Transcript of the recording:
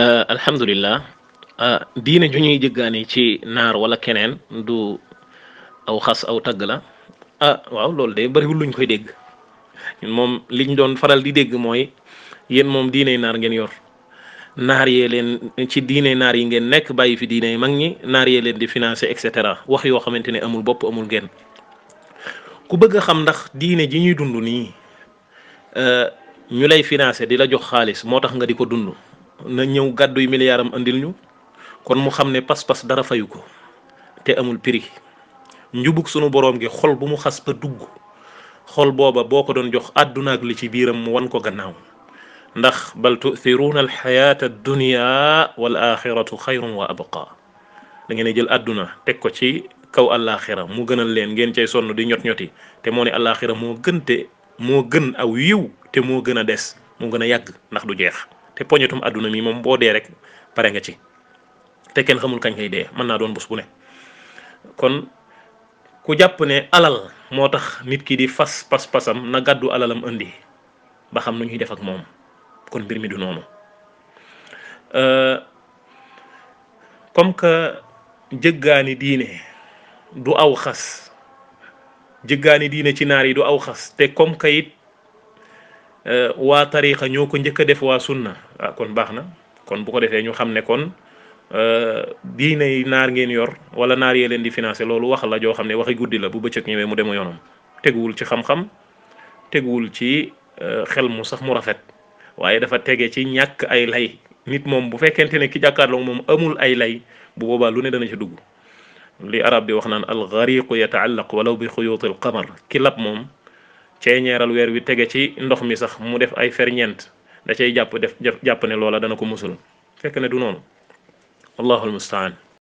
Euh, alhamdulilah euh, diine ñu ñuy jëggaani ci naar wala keneen du aw xas aw tagg la ah, waaw loolu de bariwul luñ koy dégg moom liñ doon faral di dégg mooy yéen moom diiney naar ngeen yor naar yee leen ci diine naar yi ngeen nekk bàyyi fi diine mag ñi naar yee leen di financé et cetera wax yoo xamante ne amul bopp amul ngeen ku bëgg a xam ndax diine ji ñuy dund nii euh, ñu lay financer di la jox xaalis moo tax nga di ko dund. na ñëw gàdduy milliard am andil ñu kon mu xam ne pas-pas dara fayu ko te amul prix njubug sunu boroom gi xol bu mu xas ba dugg xol booba boo ko doon jox àdduna li ci biiram mu wan ko gannaaw ndax bal tuthiruuna alxayaata addunia wal axiratu xayrun wa abqa da ngeen jël àdduna teg ko ci kaw àllaaxira mu gënal leen ngeen cay sonn di ñot ñoti te moo ne àllaaxira moo gën te moo gën aw yiw te moo gën a des moo gën a yàgg ndax du jeex te poñetum aduna mi mom bo de rek pare nga ci te ken xamul kañ kay man na doon bus bu ne kon ku japp ne alal motax nit ki di fas pas pasam na gaddu alalam indi ba xam nu ñuy def ak mom kon bir mi du euh comme que jeggani diine du aw khas jeggani diine ci naari du aw khas te comme kayit euh, wa tariqa ñoko ñëk def wa sunna kon baax na kon bu ko defee ñu xam ne kon diine yi naar ngeen yor wala naar yee leen di financé loolu wax la joo xam ne waxi guddi la bu bëccëg ñëwee mu demu yoonam teguwul ci xam-xam teguwul ci xel mu sax mu rafet waaye dafa tege ci ñàkk ay lay nit moom bu fekkente ne ki jàkkaarloo moom amul ay lay bu boobaa lu ne dana ci dugg li arab bi wax naan al gariqu yataallaq walaw bi xuyuuti al qamar ki lab moom ceeñeeral weer wi tege ci ndox mi sax mu def ay ferñeent da cay jàpp def jàpp ne loola dana ko musul fekk ne du noonu allahul mustaan